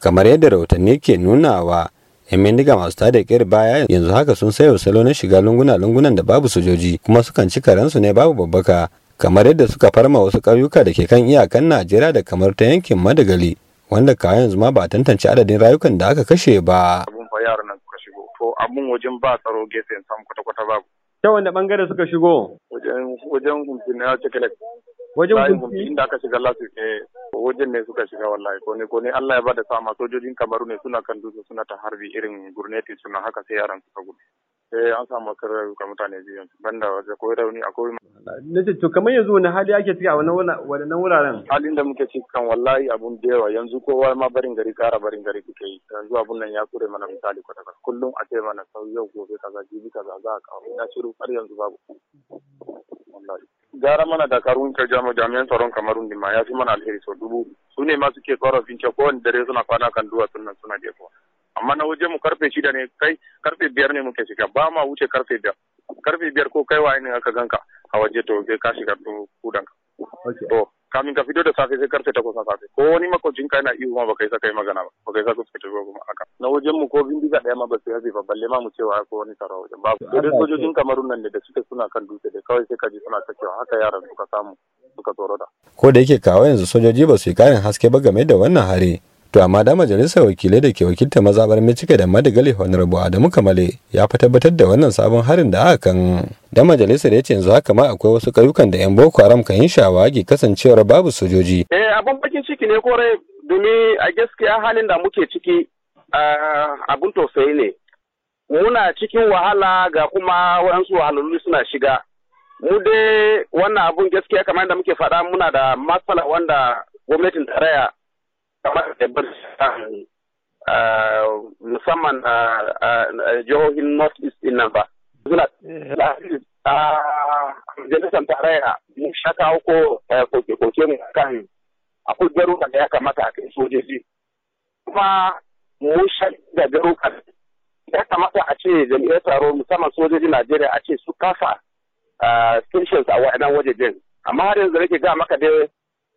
kamar yadda rahotanni ke nunawa yan bindiga masu tada kir baya yanzu haka sun sayo salo na shiga lunguna-lungunan da babu sojoji kuma sukan ci ransu ne babu babbaka kamar yadda suka farma wasu ƙauyuka da ke kan iyakan najeriya da kamar ta yankin madagali wanda kawai yanzu ma ba a tantance adadin rayukan da aka kashe ba. abun fa yaran nan suka shigo to abun wajen ba tsaro gefen sam kwata-kwata babu. ta wanda bangare suka shigo. wajen wajen kumfi na cikin wajen kumfi inda aka shiga lasu sojojin ne suka shiga wallahi ko ne ko ne Allah ya bada sama sojojin kamaru ne suna kan dutse suna ta harbi irin gurneti suna haka sai yaran suka gudu sai eh, an samu karar ga mutane biyu banda waje ko rauni akwai na ce to kamar yanzu wani hali ake ciki a wannan wuraren halin da muke ciki kan wallahi abun da yawa yanzu kowa ma barin gari kara barin gari kike yi yanzu abun nan ya kure mana misali kwata kwata kullum a ce mana sau yau gobe kaza jibi kaza za a kawo na shiru har yanzu babu wallahi gara mana dakarun ka jamo jami'an tsaron kamarun dima ma ya fi mana alheri sau dubu su ne ma suke korafin ce kowane dare suna kwana kan duwatsun nan suna jefa amma na waje mu karfe shida ne kai karfe biyar ne muke shiga ba ma wuce karfe biyar karfe biyar ko kai wa ne aka ganka a waje to ka shiga kudanka. to kamin ka fito da safe sai karfe takwas safe ko wani makocin ka yana iyo ma baka isa kai magana ba baka isa kuskure tafi kuma haka na wajen mu ko bindiga daya ma ba su yafe ba balle ma mu cewa ko wani tsaro wajen babu ko da sojojin kamarun nan ne da suke suna kan dutse da kawai sai ka ji suna sakewa haka yaran suka samu suka tsoro da ko da yake kawo yanzu sojoji ba su yi karin haske ba game da wannan hari to amma da majalisar wakilai da ke wakilta mazabar Michiga da Madigali Honorable Adamu Kamale ya fi tabbatar da wannan sabon harin da aka kan da majalisar ya ce yanzu haka ma akwai wasu ƙauyukan da 'yan Boko Haram kan yin shawagi kasancewar babu sojoji. Eh abin bakin ciki ne kore domin a gaskiya halin da muke ciki abun tausayi ne. Muna cikin wahala ga kuma waɗansu wahalolu suna shiga. Mu dai wannan abun gaskiya kamar da muke faɗa muna da matsala wanda gwamnatin tarayya kamar da birnin eh, musamman a eh, eh, jihohin north east din nan ba suna a majalisar tarayya mu sha kawo ko koke-koke mu kan akwai garuka da ya kamata a kai sojoji kuma mu sha da garuka ya kamata a ce jami'ai taro musamman sojojin najeriya a ce su kasa stations a waɗannan wajejen amma har yanzu nake ga maka dai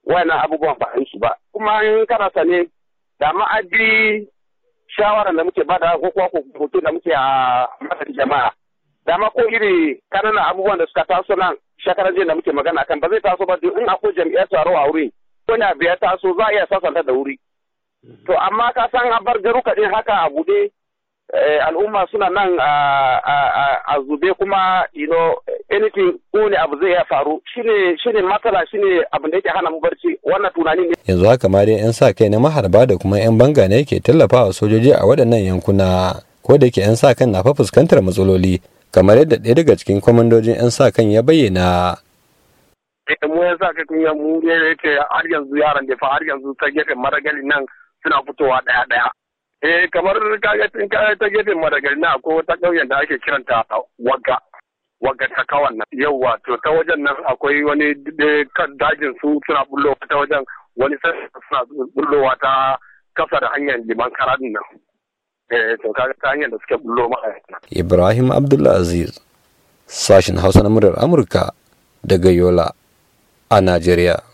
wayannan abubuwan ba su ba kuma in kana sane da ma'adi shawarar da muke bada ko kuwa hoto da muke a matan jama'a dama ko iri kananan abubuwan da suka taso nan shekaran jiya da muke magana kan ba zai taso ba in akwai jamiar taro a wuri ko na biya taso za a iya sasanta da wuri to amma ka san a bar garuka din haka a bude Eh, al'umma suna nan a zube kuma you know anything ko ne abu zai ya faru shine shine matsala shine abu da yake hana mu barci wannan tunani ne yanzu haka ma dai yan sa kai na maharba da kuma yan banga ne yake tallafawa sojoji a waɗannan yankuna ko da yake yan sa kan na fa fuskantar matsaloli kamar yadda ɗaya daga cikin kwamandojin yan sa kan ya bayyana eh, mu yan sa kai kun ya mu ne yake har yanzu yaran da fa har yanzu ta gefen maragali nan suna fitowa ɗaya-ɗaya. Eh kamar kaga tun kaga ta gefen Madagali na ko ta ƙauyen da ake kiranta Wagga. Wagga ta kawan nan. yauwa to ta wajen nan akwai wani eh, kan dajin su suna bullowa ta wajen wani suna bullowa ta kasa da hanyar liman karadin nan. Eh to kaga ta hanyar da suke bullo ma. Ibrahim Aziz sashin Hausa na muryar Amurka daga Yola a Najeriya.